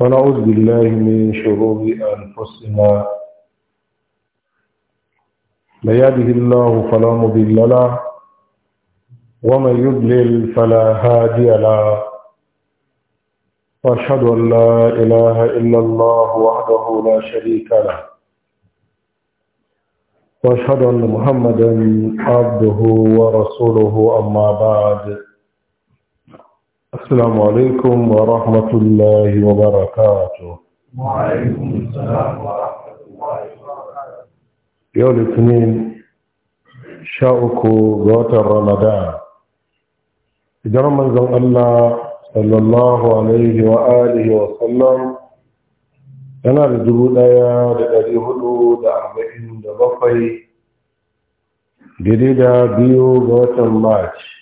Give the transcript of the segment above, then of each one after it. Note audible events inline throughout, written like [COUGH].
ونعوذ بالله من شرور أنفسنا من يهده الله فلا مضل له ومن يضلل فلا هادي له واشهد ان لا اله الا الله وحده لا شريك له واشهد ان محمدا عبده ورسوله اما بعد السلام عليكم ورحمة الله وبركاته وعليكم السلام ورحمة الله وبركاته يوم الاثنين شاءكو غوت رمضان إذا رمضان الله صلى الله عليه وآله وسلم أنا لدبو دايا لدري هدو دا أربعين جديدة بيو غوت مارش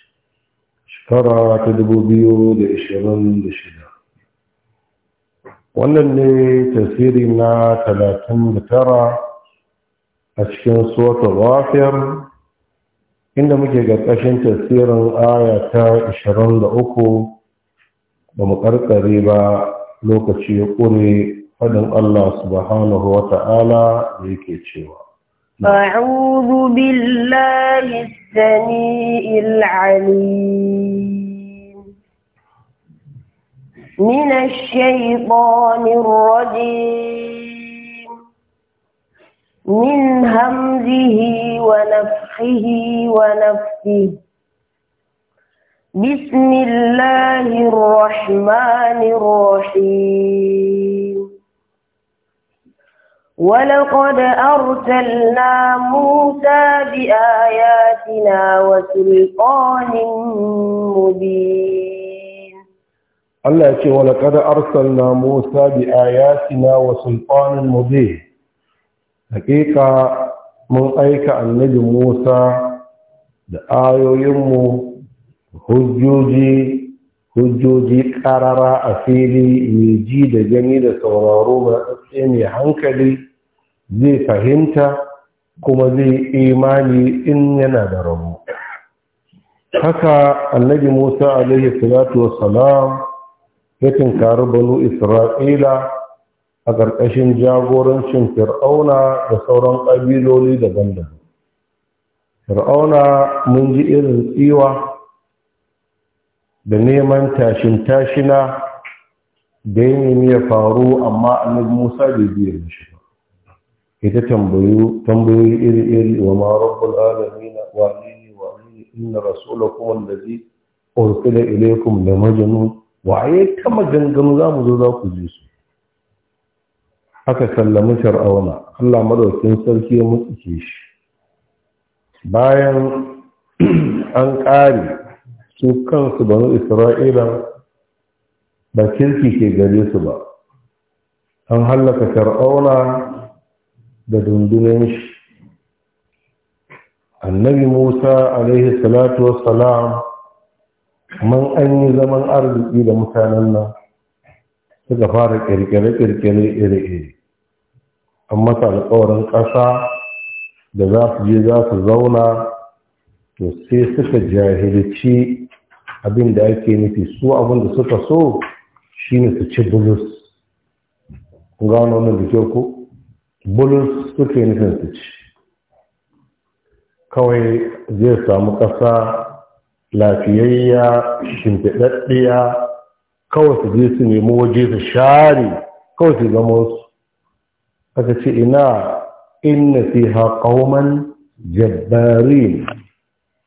Tara ta dubu biyu da da ishirin shida. wannan ne tasiri na talatin da tara a cikin suwata rafiyar inda muke ƙarƙashin tasirin aya ta uku ba mu ƙarƙare ba lokaci ya ƙure faɗin Allah subhanahu wa ta'ala da yake cewa نعم. أعوذ بالله السميع العليم من الشيطان الرجيم من همزه ونفخه ونفثه بسم الله الرحمن الرحيم ولقد أرسلنا موسى بآياتنا وسلطان مبين الله يقول ولقد أرسلنا موسى بآياتنا وسلطان مبين حقيقة من أيك النبي موسى بآيو يمو hujjoji hujjoji karara a fili mai ji da gani da sauraro ba tsaye mai hankali zai fahimta kuma zai imani in yana da rabo haka annabi musa alaihi salatu wassalam ya tinkari banu isra'ila a ƙarƙashin jagorancin fir'auna da sauran ƙabiloli daban-daban fir'auna mun ji irin tsiwa da neman tashin-tashina da ya nemi ya faru amma annabi musa bai biya shi ita tambayu tambayoyi iri iri wa ma rabbul alamin wa alini wa alini inna rasulakum allazi ursila ilaykum la majnun waye ta maganganu za mu zo za ku ji su aka sallami shar'auna Allah madaukin sarki ya mutsike shi bayan [CLEARS THROAT] an ƙare su kansu banu isra'ila ba kirki ke gare su ba an hallaka shar'auna da dundunan shi annabi musa alaihi salatu wassalam man an yi zaman arziki da mutanen nan suka fara kirkire-kirkire iri-iri an masa alkawarin ƙasa da za su je za su zauna to sai suka jahilci abin da ake nufi su abin da suka so shine su ci bulus gano na da kyau ko bulus suke nufin su ci kawai zai samu ƙasa lafiyayya shimfiɗaɗɗiya kawai su je su nemi waje su share kawai su zama su aka ce ina inna fi haƙauman jabbari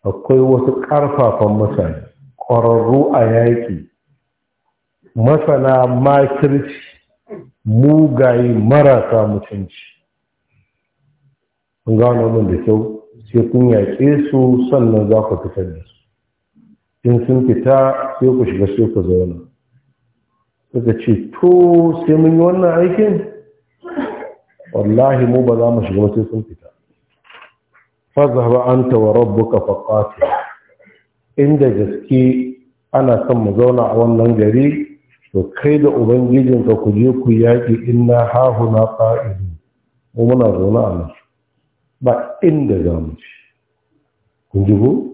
akwai wasu ƙarfafan mutane ƙwararru a yaƙi masana makirci mugaye marasa mutunci kun gano mun da kyau sai kun yaƙe su sannan za ku fitar da su in sun fita sai ku shiga sai ku zauna suka ce to sai mun yi wannan aikin wallahi mu ba za mu shiga sai sun fita ba an wa buka faqatil inda gaske ana kan mu zauna a wannan gari to kai da ubangijinka ku je ku yaƙi inna hahuna ƙa'idu mu muna zaune a nan ba inda za mu ci kun ji ku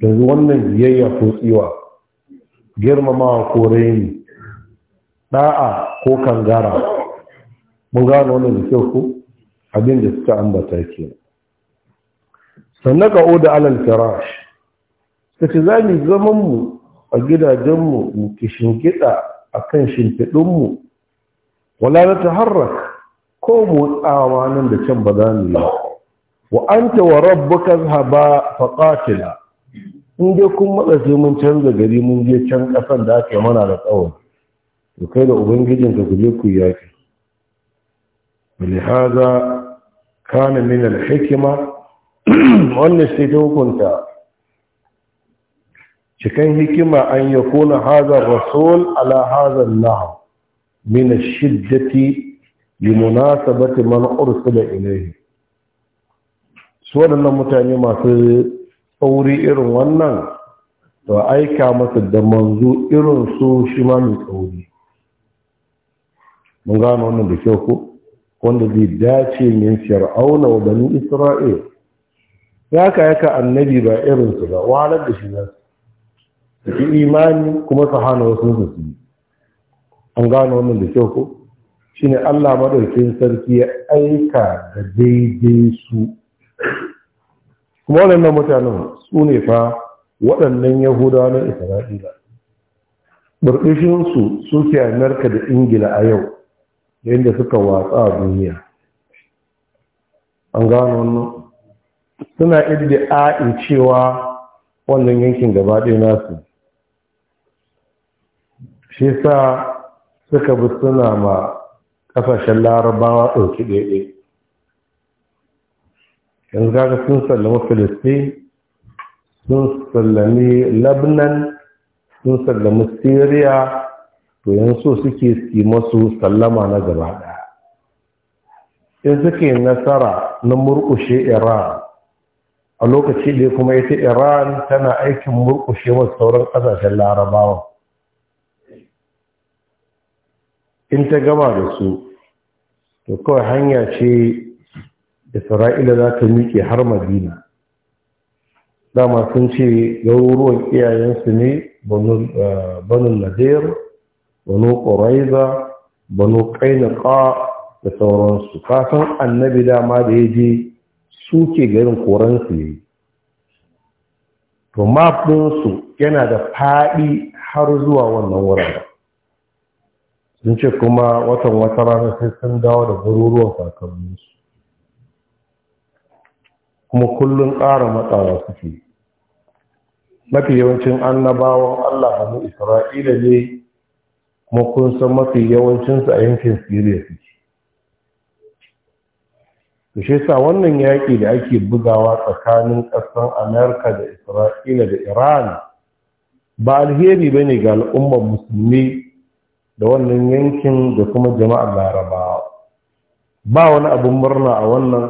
yanzu wannan biyayya ko tsiwa girmamawa ko raini ɗa'a ko kangara mun gano wannan da kyau ku abin da suka ambata ke sannan ka'o da alal firash ce za mu zaman mu a gidajenmu mu kishin shinkiɗa a kan shimfiɗinmu wala na taharrak ko motsawa nan da can ba za mu yi wa an ta wa rabbuka zahaba fa qatila in dai kun matsa sai mun canza gari mun je can kasan da ake mana da tsawon to kai da ubangijin ka kuje ku yaki lihaza kana min hikima. [CLEARS THROAT] wannan shi ta hukunta cikin hikima an ya kuna hazar rasul ala hazar nahu min shiddati li munasabati man da ilayhi su waɗannan mutane masu tsauri irin wannan to aika masu da manzu irin su shi ma mai tsauri mun gano wannan da kyau ko wanda zai dace min auna wa bani isra'il ya ka yaka annabi ba irinsu ba wahalar da shi za Ki imani kuma su hana wasu su su an gano wannan da kyau ko shine Allah maɗaukin sarki ya aika da daidai su kuma waɗannan mutanen su ne fa waɗannan yahudawa na isra'ila burbushinsu suke Amurka da ingila a yau yadda suka watsa a duniya an gano wannan suna idda a'in cewa wannan yankin gaba ɗaya nasu shi sa suka bi suna ma ƙasashen larabawa ɗauki ɗaiɗe yanzu kaga sun sallami filistin sun sallami labnan sun sallami syria to yanzu suke ski masu sallama na gaba ɗaya in suke nasara na murƙushe iran a lokaci ne kuma ita iran tana aikin murƙushe masu sauran ƙasashen larabawa in ta gama da su to kawai hanya ce isra'ila za ta miƙe har madina dama sun ce garuruwan iyayensu ne banu eh, nadir banu ƙuraiza banu ƙainaka da sauransu kasan annabi dama da ya je suke garin koransu ne to mafinsu yana da faɗi har zuwa wannan wuraren sun ce kuma watan wata rana sai sun dawo da garuruwan kakanninsu kuma kullum ƙara matsawa suke mafi yawancin annabawan Allah hannu Isra'ila ne kuma kun san mafi yawancinsu a yankin Siriya suke. Da shi sa wannan yaƙi da ake bugawa tsakanin ƙasar Amerika da Isra'ila da Iran ba alheri ba ne ga al'ummar musulmi da wannan yankin da kuma jama'ar laraba. ba wani abin murna a wannan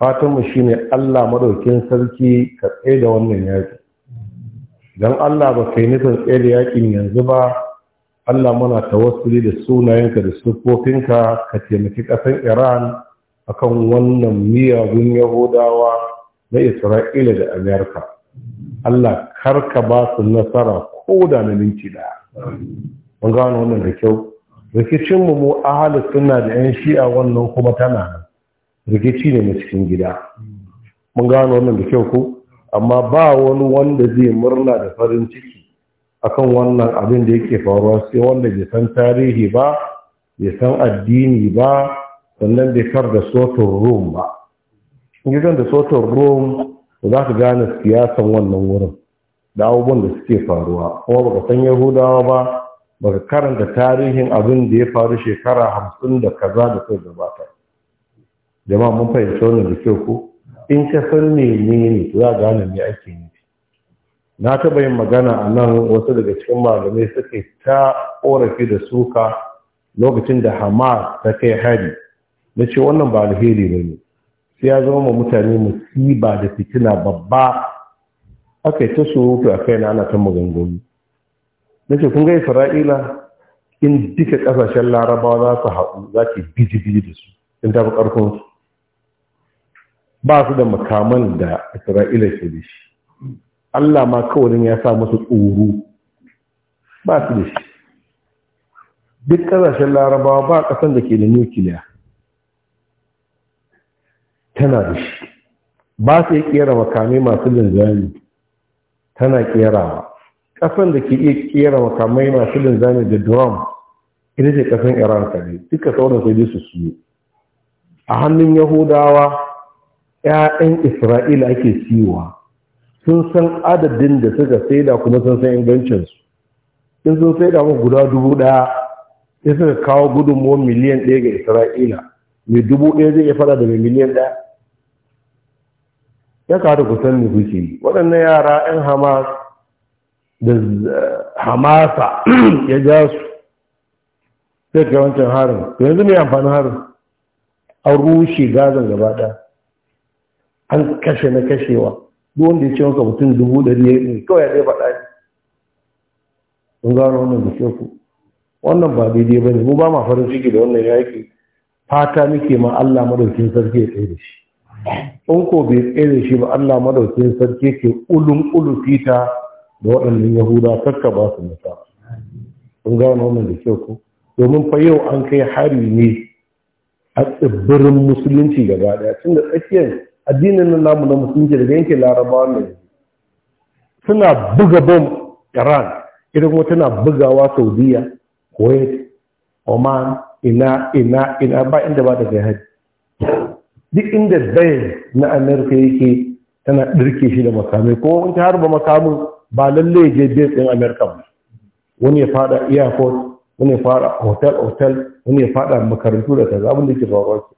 fatanmu shi ne allah madaukin sarki ka tsaye da wannan yaƙi don allah ba yi nufin tsaye da yaƙin yanzu ba allah muna tawassuli da sunayenka da siffofinka ka taimaki ƙasar iran akan wannan miyagun yahudawa na isra'ila da amerika allah karka ba su nasara ko da na minti ɗaya mun gano wannan da kyau rikicin mu mu ahalu sunna da yan shi'a wannan kuma tana nan rikici ne na cikin gida mun gano wannan da kyau ko amma ba wani wanda zai murna da farin ciki akan wannan abin da yake faruwa sai wanda bai san tarihi ba bai san addini ba sannan bai kar da sotun rum ba in kan da sotun rum za ka gane siyasan wannan wurin da abubuwan da suke faruwa kuma ba ka san yahudawa ba baka karanta tarihin abin da ya faru shekara hamsin da kaza da kai gabata jama'a mun fahimci wannan da kyau ko in ka san menene to za gane me ake yi. na taɓa yin magana a nan wasu daga cikin malamai suke ta ƙorafi da suka lokacin da hama ta kai hari na ce wannan ba alheri ba ne sai ya zama mutane musiba da fitina babba aka yi ta surutu a kai ana ta maganganu ce kun ga Isra'ila in duka kasashen Larabawa za su haɗu za ki biji biji da su in tafi ƙarfin su ba su da makaman da Isra'ila ke da shi Allah ma kawai ya sa musu tsoro ba su da shi duk kasashen Larabawa ba kasan da ke da nukiliya tana da shi ba su yi kera makamai masu linzami tana ƙerawa. ƙasan da ke iya kera makamai masu linzami da drum ita ce ƙasan iran kare duka sauran sai dai su siyo a hannun yahudawa 'ya'yan isra'ila ake siyowa sun san adadin da suka saida kuma sun san ingancinsu in sun saida mu guda dubu ɗaya ya suka kawo gudunmu miliyan ɗaya ga isra'ila mai dubu ɗaya zai iya fada da mai miliyan ɗaya ya kawo da kusan ne kuke waɗannan yara 'yan hamas da hamasa [CLEARS THROAT] ya ja su sai kai wancan harin yanzu mai amfani harin an rushe gazan gaba ɗaya an kashe na kashewa duk wanda ya ce wanka mutum dubu ɗari ne kawai ya ɗaya faɗa ne mun gano wannan da ke ku wannan ba daidai ba ne mu ba ma farin ciki da wannan yaƙi fata muke ma Allah madaukin sarki ya tsaye da shi in ko bai tsaye da shi ba Allah madaukin sarki ke ulun ulu fita da waɗannan yahuda kakka ba su nasara kun gano wannan da kyau ko domin fa yau an kai hari ne a tsibirin musulunci gaba ɗaya. tun da tsakiyar addinin nan namu na musulunci daga yankin larabawa ne suna buga bom iran idan kuma tana bugawa saudiya kuwait oman ina ina ina ba inda ba ta kai duk inda bayan na Amurka yake tana ɗirke shi da makamai ko wani harba makamin ba lalle je bai tsin Amurka ba wani ya fada airport wani ya fada hotel hotel wani ya fada makarantu da kaza abin da ke faruwa su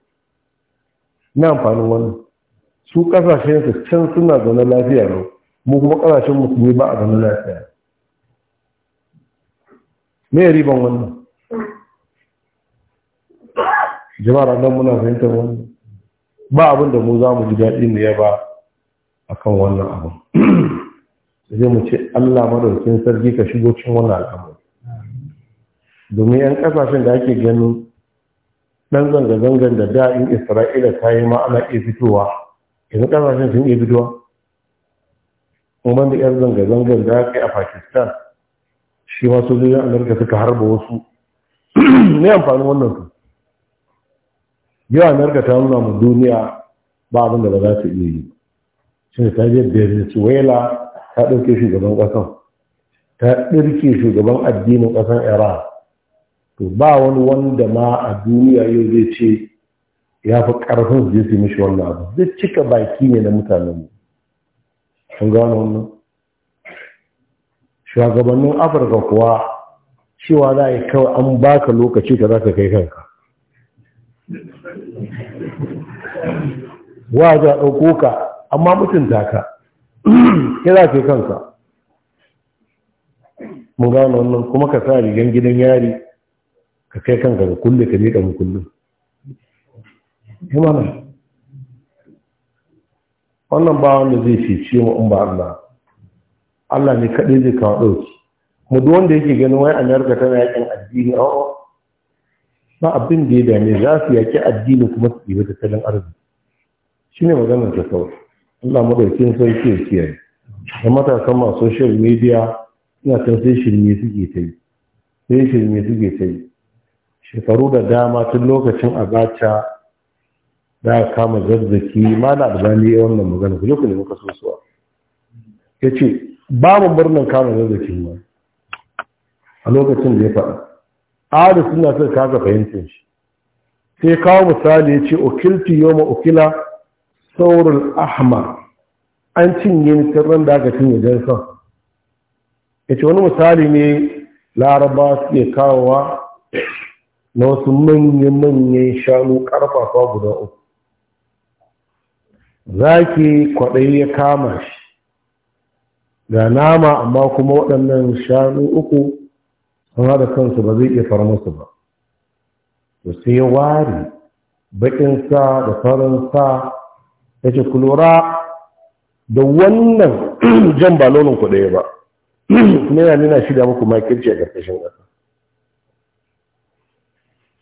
na amfanin wannan su kasashe su can suna zaune lafiya ne mu kuma kasashen musulmi ba a zaune lafiya me riban wannan jama'ar nan muna fahimtar wannan ba abin da mu za mu ji daɗi ne ya ba kan wannan abin zai mu ce Allah madaukin sarki ka shigo cikin wannan al'amari domin yan kasashen da ake ganin dan zanga-zangan da da'in Isra'ila ta yi ma ana iya fitowa yanzu kasashen sun iya fitowa kuma da yan zanga-zangan da aka yi a Pakistan shi ma sojojin Amurka suka harba wasu ne [CLEARS THROAT] amfanin wannan su yau Amurka ta nuna mu duniya ba abin da ba za ta iya yi shi ta je Venezuela ta ɗauke shugaban ƙasan ta ɗirke shugaban addinin ƙasan iran to ba wani wanda ma a duniya yau zai ce ya fi ƙarfin su su mishi wannan abu zai cika baki ne na mutanenmu sun gano wannan shugabannin afirka kuwa cewa za a yi kawai an baka lokaci ka za ka kai kanka wa za a ɗauko ka amma mutunta ka kira [CLEARS THROAT] ke kanka mun gano wannan kuma ka sa rigan gidan yari ka kai kanka ga kulle ka miƙa mu kullum kuma wannan ba wanda zai fice mu in ba Allah Allah ne kaɗai zai kawo ɗauki mu duk wanda yake ganin wai Amerika tana yakin addini a ba abin da ya dame za su yake addini kuma su ɗibi tattalin arziki shine maganar ta sauri. Allah madaukin sarki yake yi da matasan ma social media ina san sai shirme suke ta yi sai shirme suke ta yi shekaru da dama tun lokacin abacha da kama zarzaki mana albani ya wannan magana ku je ku nemi kasuwa. ya ce babu murnan kama zarzaki ma a lokacin da ya faɗa ari suna suka kaga fahimtar shi sai kawo misali ya ce okilti yoma okila Saurin ahmar an cinye ni sirrin da aka cinye jansan ya ce wani misali ne laraba suke kawowa na wasu manya-manyan shanu karfafa guda uku zaki kwaɗayi ya kama shi ga nama amma kuma waɗannan shanu uku sun haɗa kansu ba zai iya fara musu ba to sai ya ware baƙin sa da farin sa ya ce ku lura da wannan [CLEARS THROAT] jan ba nonon ku ɗaya ba [CLEARS THROAT] kuma yana nuna shida muku makirci a ƙarƙashin ƙasa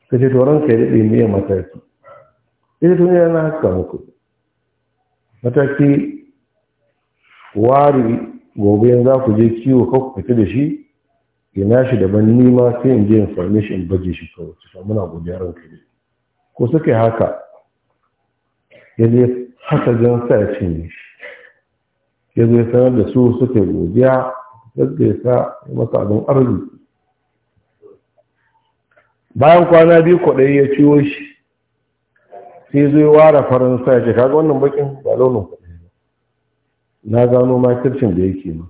ka ce tauran ka yi daɗe ne ya mataki ita tuni yana haska muku mataki wari gobe yanzu za ku je kiwo ka ku fita da shi ina shi daban nima sai in je information baje shi kawai gobe godiya ranka ne ko suka yi haka yanzu haka jan sa ce ya zai sanar da su suke godiya ya masa abin arziki bayan kwana biyu kwaɗayi ya ciwo shi sai zai ware faransa ya ce kaga wannan bakin ba launin kwaɗayi na gano makircin da yake ma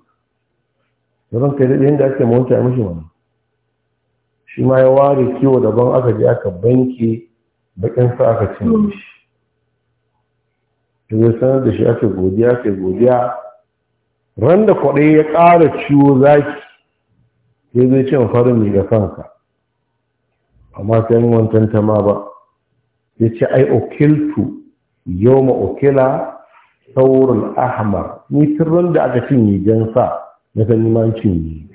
zan kai daɗe inda ake mawanta ya mashi wani shi ma ya ware kiwo daban aka je aka banki bakin sa aka cinye shi zai sanar da shi ake godiya ake godiya ran da kwaɗe ya ƙara ciwo zaki ya zai cin farin mai da kanka amma sai mun tantama ba ya ce ai okiltu yau ma okila saurin ahmar ni ran da aka cinye jan sa na san neman cinye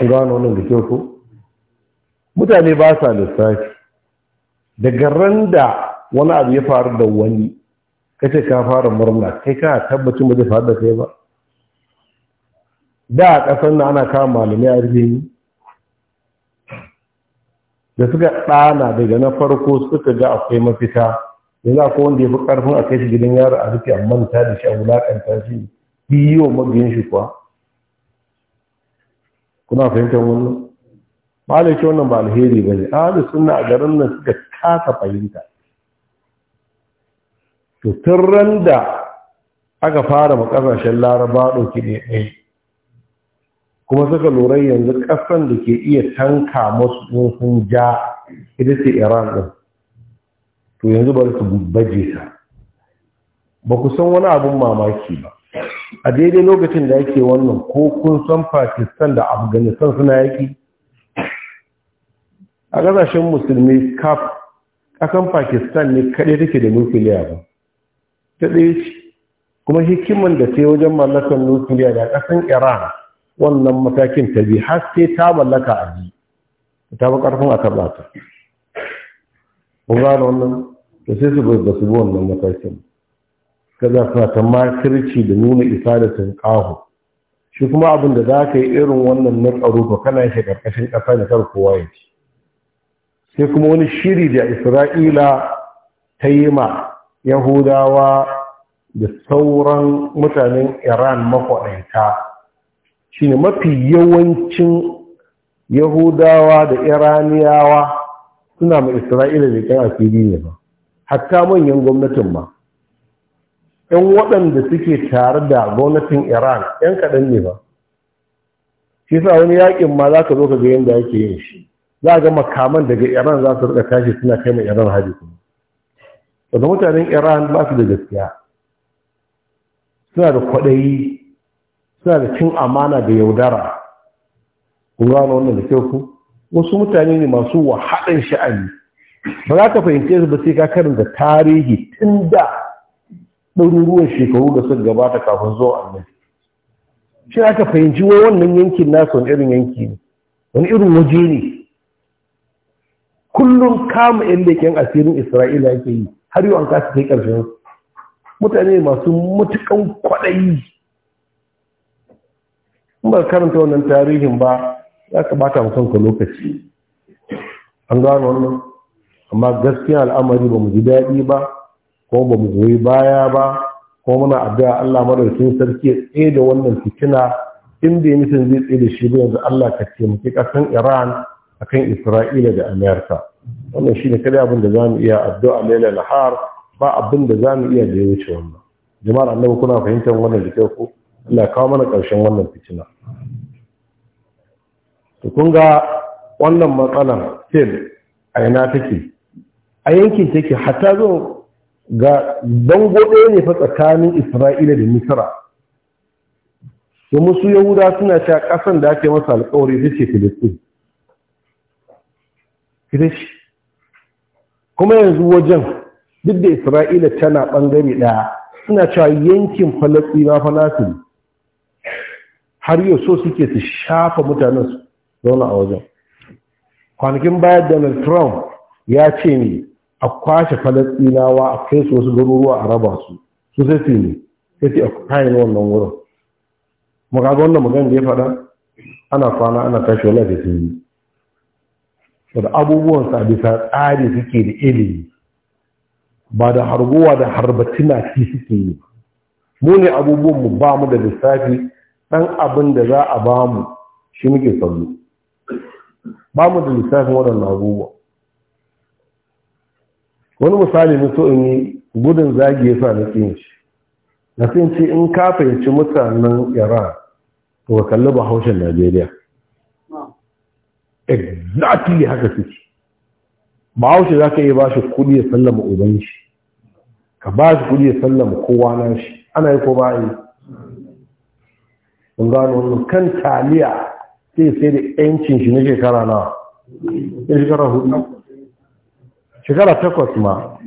gano wannan da kyau ko mutane ba sa lissafi daga ran da wani abu ya faru da wani kace ka fara murna kai ka tabbacin ba zai faru da kai ba da a ƙasar nan ana kama malamai a rufe da suka ɗana daga na farko suka ga akwai mafita yanzu akwai wanda ya fi ƙarfin a kai shi gidan yaro a rufe a manta da shi a wulaƙanta shi biyo mabiyan shi kuwa kuna fahimtar wannan ba da wannan ba alheri ba ne a wani suna a garin nan suka kasa fahimta to ran da aka fara makasashen laraba ɗauki ne ɗaya kuma suka lura yanzu ƙasan da ke iya tanka masu ɗin sun ja ita ce iran ɗin to yanzu ba su baje ta ba ku san wani abin mamaki ba a daidai lokacin da yake wannan ko kun san pakistan da afghanistan suna yaki a ƙasashen musulmi kaf ƙasan pakistan ne kaɗai take da nukiliya ba ta ɗaya kuma hikiman da ta yi wajen mallakar nukiliya da ƙasan iran wannan matakin ta bi har sai ta mallaka a ji ta bi ƙarfin a karɓa ta ƙunga da wannan ta sai su ba su bi wannan matakin kaza suna ta makirci da nuna isa da sun ƙaho shi kuma abin da za ka yi irin wannan na tsaro ba kana yake ƙarƙashin ƙasa da kar kowa ya ci sai kuma wani shiri da isra'ila ta yi ma yahudawa da sauran mutanen iran makwaɗaita ne mafi yawancin yahudawa da iraniyawa suna mai isra'ila da ƙin asiri ne ba hatta manyan gwamnatin ma yan waɗanda suke tare da gwamnatin iran yan kaɗan ne ba shi sa wani yaƙin ma za ka zo ka ga yadda ake yin shi za a ga makaman daga iran za su rika tashi suna kai mai iran hajji kuma daga mutanen iran ba su da gaskiya suna da kwaɗayi suna da cin amana da yaudara kun gano wannan da kyau ku wasu mutane ne masu wahalan sha'ani ba za ka fahimce su ba sai ka karanta tarihi tun da ɗaruruwan shekaru da suka gabata kafin zuwa annabi shi aka fahimci wai wannan yankin nasu wani irin yanki ne wani irin waje ne kullum kama yan leƙen asirin isra'ila yake yi har yau an kasa kai ƙarshen mutane masu matukan kwaɗayi in ba karanta wannan tarihin ba ya kamata mu kanka lokaci an gano wannan amma gaskiya al'amari ba mu ji daɗi ba ko ba mu goyi baya ba ko muna addu'a Allah madaukakin sarki ya tsaye da wannan fitina inda ya mutum zai tsaye da shi ba yanzu Allah ka taimaki ƙasan Iran akan Isra'ila da Amerika wannan shi ne kada abin da za mu iya addu'a laila nahar ba abin da za mu iya da ya wuce wannan jama'ar annabi kuna fahimtar wannan da kyau ko Allah kawo mana ƙarshen wannan fitina to kun ga wannan matsalar, fil a ina take a yankin take hatta zo ga dango ɗaya ne fa tsakanin isra'ila da misra kuma su yahuda suna cewa ƙasan da ake masa alƙawari ita ce filistin kuma yanzu wajen duk da isra'ila tana ɓangare ɗaya suna cewa yankin falastina falasini har yau so suke su shafa mutanen su zauna a wajen kwanakin bayan donald trump ya ce ne a kwashe falasinawa a kai su wasu garuruwa a raba su su sai su ne sai su a kayan wannan wurin makaga da magana da ya faɗa ana kwana ana tashi wala da sun yi da abubuwan sa bisa tsari suke da ilimi ba da harguwa da harbatina ci suke yi mu ne abubuwan mu ba mu da lissafi ɗan abin da za a ba mu shi muke sauri, ba mu da lissafin waɗannan abubuwa wani misali ne so in yi gudun zagi ya sa na yin shi na ce in ka fahimci mutanen iran to ka kalli bahaushen najeriya exactly haka suke wuce za ka iya ba shi kudi ya sallama uban shi ka ba shi kudi ya sallama kowa na shi ana yi ko ba yi kun gano wannan kan taliya sai sai da yancin shi na shekara na ya shekara hudu shekara takwas ma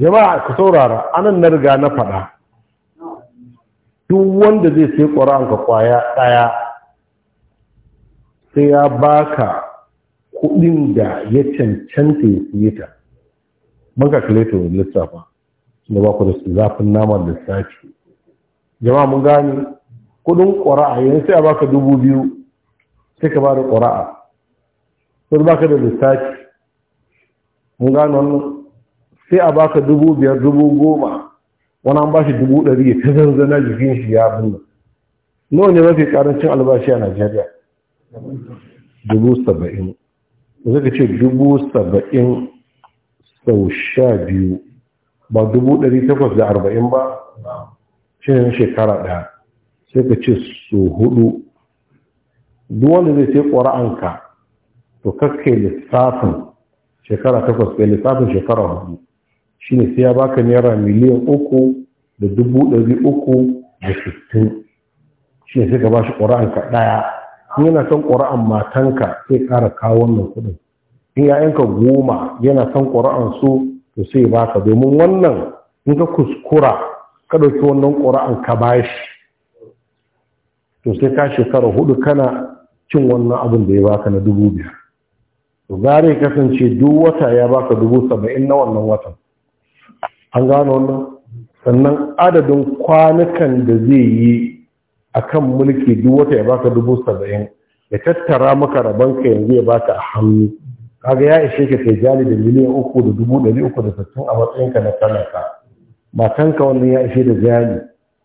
jama'a ka saurara anan na riga na faɗa duk wanda zai sai ka kwaya ɗaya sai ya baka kuɗin da ya cancanta ya siye ta mun calculator lissafa da ba ku da zafin naman lissafi jama'a mun gane Kudin ƙwara'a yanzu sai a baka dubu biyu sai ka ba da ƙwara'a sai baka da lissafi mun gane wannan sai a baka dubu biyar dubu goma wani an ba shi dubu ɗari ya ta zanzana jikin shi ya bunna nawa ne mafi karancin albashi a najeriya dubu saba'in zaka ce dubu saba'in sau sha biyu ba dubu ɗari takwas da arba'in ba shi ne na shekara ɗaya sai ka ce su hudu duk wanda zai sai ƙwara'anka to kakkai lissafin shekara takwas kai lissafin shekara hudu shi ne sai ya baka naira miliyan uku da dubu ɗari uku da sittin shi ne sai ka ba shi ƙwara'anka ɗaya yana son ƙura'an matanka sai ƙara kawo wannan kuɗin in ‘ya'yanka goma yana son ƙura'an su to sai baka domin wannan in ka kuskura ka ɗauki wannan ƙura'an ka bashi to sai ka shekara hudu kana cin wannan abin da ya baka na dubu biyar to gare kasance duk wata ya baka dubu saba'in na wannan watan an gano wannan sannan adadin kwanukan da zai yi akan mulki duk wata ya baka dubu saba'in ya tattara maka rabon ka yanzu ya baka a hannu kaga ya ishe ka kai jali da miliyan uku da dubu ɗari uku da sittin a matsayinka na talaka matanka wannan ya ishe da jali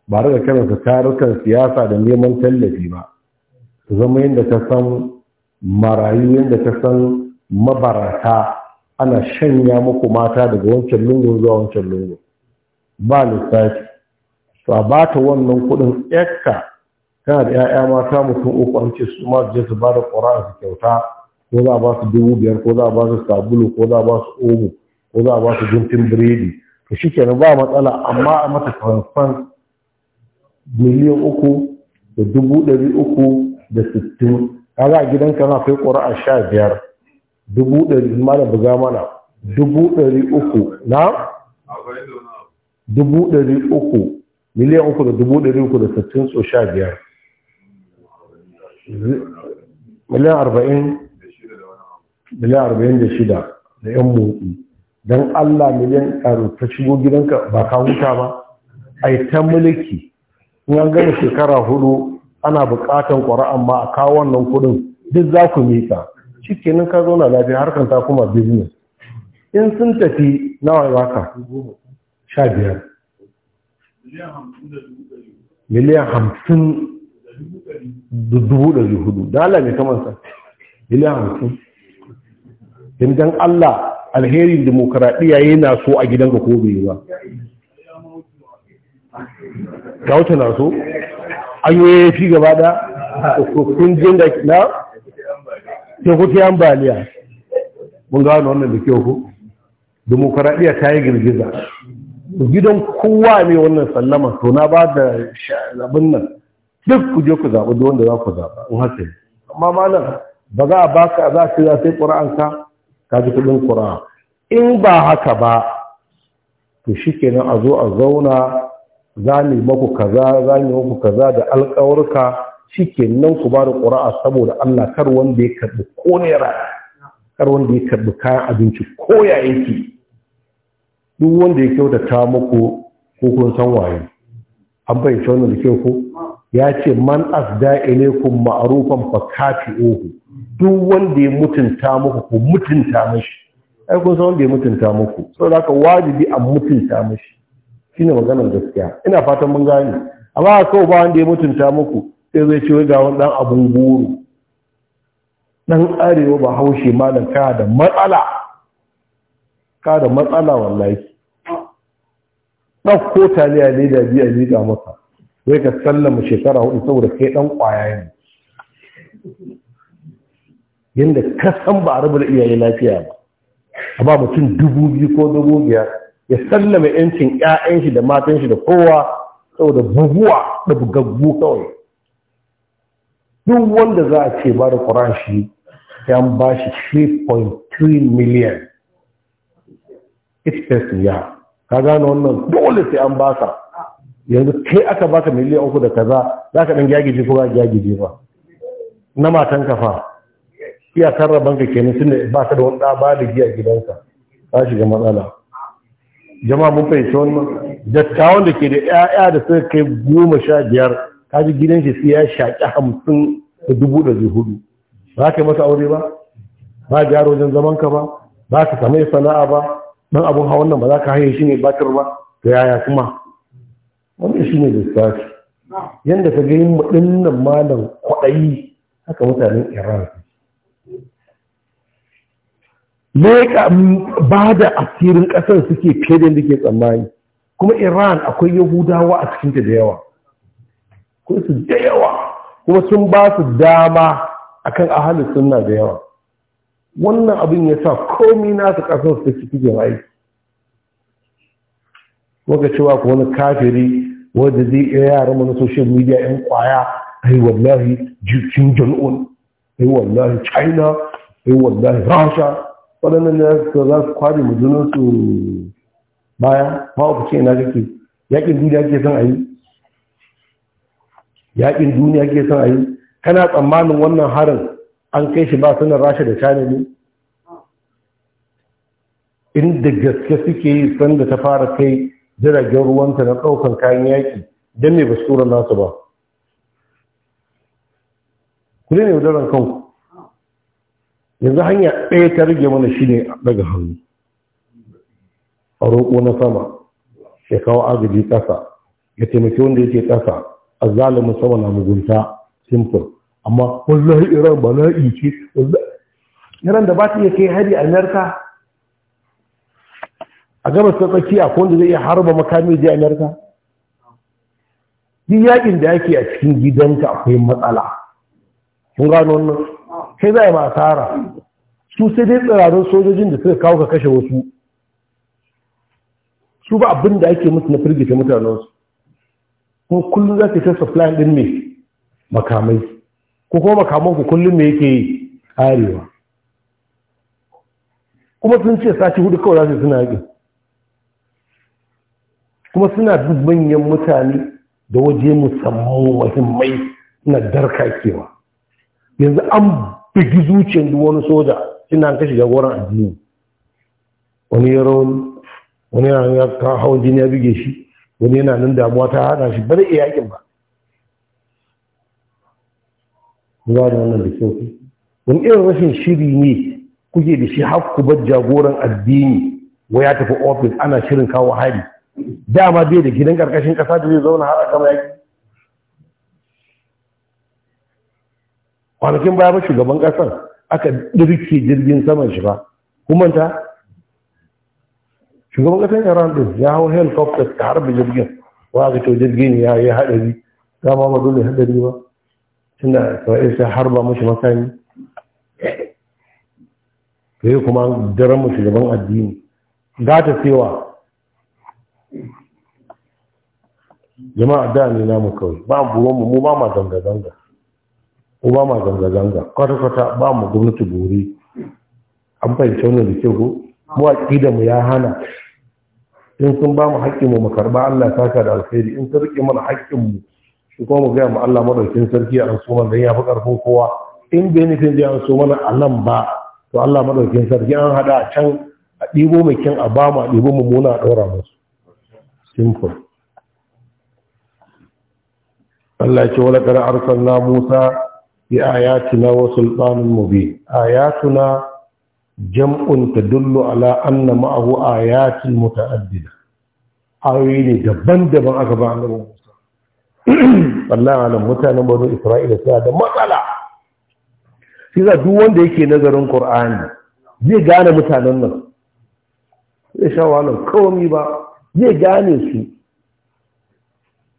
ba daga kansa tarukan siyasa da neman tallafi ba zama yadda ta san marayu yadda ta san mabarata ana shanya muku mata daga wancan lungu zuwa wancan lungu. ba lissafi to a ba wannan kuɗin ekka kana da 'ya'ya mata mutum uku an ce su ma su je su ba da ƙura'a su kyauta ko za a ba su dubu biyar ko za a ba su sabulu ko za a ba su omo ko za a ba su guntun biredi to shi kenan ba matsala amma a mata kwanfan miliyan uku da dubu ɗari uku da sittin kaga a gidanka na kai ƙura'a sha biyar dubu ɗari ma da buga mana dubu ɗari uku na dubu ɗari uku miliyan uku da dubu ɗari uku da sittin so sha biyar miliyan arba'in miliyan arba'in da shida da yan motsi don allah miliyan ƙaru ta shigo gidanka ba ka huta ba a yi ta mulki in an gani shekara hudu ana buƙatan ƙwara'an amma a kawo wannan kuɗin duk za ku mita shi nan ka zauna lafiya harkar ta kuma business in sun tafi nawa ba ka sha biyar miliyan hamsin dubu ɗari hudu da Allah mai kamansa ila hamsin in dan Allah alherin demokaradiyya yana so a gidan ko bai ba ga wata na so an yi fi gaba da kun jin da na teku ta ambaliya mun gano wannan da kyau ko demokaradiyya ta yi girgiza gidan kowa ne wannan sallama to na ba da abin nan duk ku je ku zaɓi duk wanda za ku zaɓa in haka ne amma malam ba za a baka za a ya sai ƙura'an ka ka ji kuɗin ƙura'a in ba haka ba to shi kenan a zo a zauna za mu maku kaza za mu maku kaza da alƙawarka shi kenan ku ba da ƙura'a saboda Allah kar wanda ya karɓi ko naira kar wanda ya karɓi kayan abinci ko ya duk wanda ya kyautata muku ko kun san waye an bayyana wannan da kyau ko ya ce man asda ilaikum ma'rufan fa kafi'uhu duk wanda ya mutunta muku ku mutunta mashi ai kun san wanda ya mutunta muku saboda haka wajibi a mutunta mashi shine maganar gaskiya ina fatan mun gane amma kawai ba wanda ya mutunta muku sai zai ce ga wani dan abun goro dan arewa ba haushe malam ka da matsala ka da matsala wallahi ɗauko taliya ne da biya riga maka wai ka sallama shekara hudu saboda kai dan kwaya ne yadda ka san ba a rabu da iyaye lafiya ba a ba mutum dubu biyu ko dubu biyar ya sallama yancin 'ya'yan shi da matan shi da kowa saboda buguwa da bugaggu kawai duk wanda za a ce ba da ƙuran shi ya ba shi 3.3 miliyan each ya ka gane wannan dole sai an baka yanzu kai aka baka miliyan uku da kaza za ka ɗan gyagije ko ba gyagije ba na matan kafa iya iyakar ka kenan su ne ba ka da wani ba da giya gidanka ta shiga matsala jama'a mun fahimci wannan dattawan da ke da 'ya'ya da suka kai goma sha biyar ka ji gidan shi sai ya shaƙi hamsin da dubu da hudu ba ka yi masa aure ba ba gyara wajen zaman ka ba ba ka sami sana'a ba dan abun hawan nan ba za ka haye shi ne batir ba to yaya kuma wannan shi ne lissafi yadda ka ga yin waɗannan malam kwaɗayi haka mutanen iran leƙa mm, ba da asirin ƙasar suke fiye da ke tsammani kuma iran akwai yahudawa a cikinta da yawa kuma su da yawa kuma sun ba su dama akan ahalin sunna da yawa wannan abin ya sa komi su ƙasar su cikin aiki muka cewa ku wani kafiri wanda zai iya yaran mana social media yan kwaya ai wallahi kim jong un ai wallahi china ai wallahi russia waɗannan ne za su kware mu junan su baya ba ku ce na kake yakin duniya ke son ayi yakin duniya ke son ayi kana tsammanin wannan harin an kai shi ba sanin rasha da china ne inda gaske suke yi sanda ta fara kai jiragen ruwanta na ɗaukar kayan yaƙi don me ba su tura nasu ba ku ne ran kanku yanzu hanya ɗaya ta rage mana shi ne daga hannu a roƙo na sama ya kawo agaji ƙasa ya taimaki wanda yake ƙasa a zalimin sama na mugunta simple amma wallahi iran bala'i ce iran da ba ta iya kai hari amerika a gaba ta tsaki a wanda zai iya harba makami da amerika duk yakin da yake a cikin gidanka akwai matsala kun gano wannan kai za a yi masara su sai dai tsirarin sojojin da suka kawo ka kashe wasu su ba abin da ake musu na firgita mutanensu kuma kullum za ka ta supply din mai makamai ko kuma makamanku kullum me yake yi arewa kuma sun ce sati hudu kawai za su suna yakin kuma suna duk manyan mutane da waje musamman muhimmai na darkakewa yanzu an bugi zuciyar duk wani soja ina an kashe jagoran addini wani ya rawan wani yana ya hawan jini ya bige shi wani yana nan damuwa ta hada shi bari iya yakin ba za da wannan da kyau wani irin rashin shiri ne kuke da shi hakku bar jagoran addini wa ya tafi ofis ana shirin kawo hari dama bai da gidan karkashin kasa da zai zauna har kama yaki kwanakin baya ba shugaban kasar aka dirke jirgin saman shi ba kuma ta shugaban kasar iran din ya hau helicopter ta harbi jirgin wa aka to jirgin ya yi haɗari dama ba dole haɗari ba tunda sa'ir ta harba mashi makami Ta yi kuma daren mu shugaban addini Ga ta cewa jama'a da ne namu kawai ba buwanmu mu ba ma zanga-zanga mu ba ma zanga-zanga kwata-kwata ba mu gwamnati buri an fahimci wani da ke ko mu aƙida mu ya hana in sun ba mu haƙƙin mu karɓa Allah saka da alkhairi in sun rike mana haƙƙin mu shi kuma mu gaya mu Allah madaukin sarki an so mana ya fi ƙarfin kowa in bai nufin da an so mana a nan ba to Allah madaukin sarki an hada a can a ɗibo mai kyan a ba mu a ɗibo mu muna a ɗora musu simple Allah ce wala kar arsalna Musa bi ayatina wa sultanin mubin ayatuna jam'un tadullu ala anna ma'ahu ayatin muta'addida ayoyi ne daban-daban aka ba annabi Musa [CLEARS THROAT] wallahi alam mutanen banu Isra'ila suna da matsala shi za duk wanda yake nazarin Qur'ani zai gane mutanen nan zai sha wahalar ba zai gane su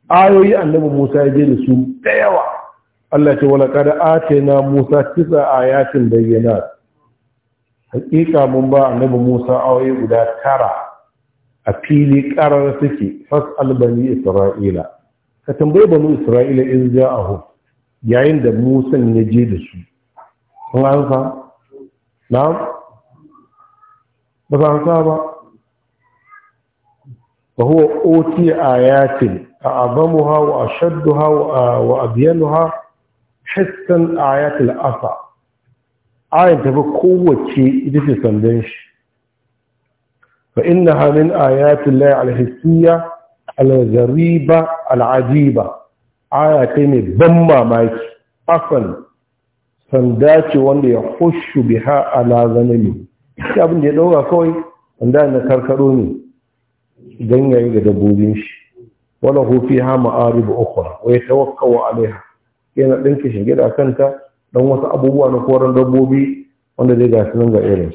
ayoyi annabi Musa ya je da su da yawa Allah ce wala kada atayna Musa tisa ayatin bayyinat hakika mun ba annabi Musa ayoyi guda tara a fili karar suke fas'al albani Isra'ila ka tambaye bani Isra'ila in ja'ahu yayin da Musa ya je da su kun an sa na'am ba san sa ba وهو أوتي آيات أعظمها وأشدها وأبينها حسا آيات الأسى آية تبقى قوة شيء إذا تسندنش فإنها من آيات الله الحسية الغريبة العجيبة آية تيمي بما مايك أصلا sandace wanda ya hushu biha ala zanami shi abin da ya ɗaura kawai sanda na karkaro ne ganyaye da dabbobin shi wala hu fiha ma'arib ukhra wa yatawakkalu alaiha yana dinka shige da kanta dan wasu abubuwa na koran dabbobi wanda zai ga sunan ga irin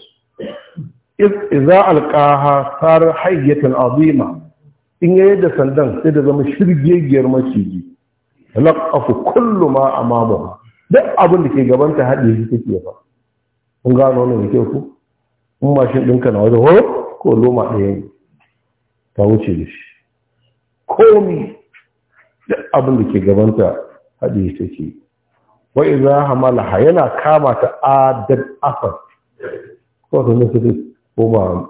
su idza alqaha sar hayyatan azima in yayin da sandan sai da zama shirgegiyar maciji laqafu kullu ma amamahu duk abin da ke gaban gabanta hade shi take fa kun gano wannan da ku in mashin ɗinka na wajen ko loma ɗaya ne ta wuce da shi komi da abin da ke gabanta haɗe take wa idza hamalaha yana kama ta adad afar ko da nake da koma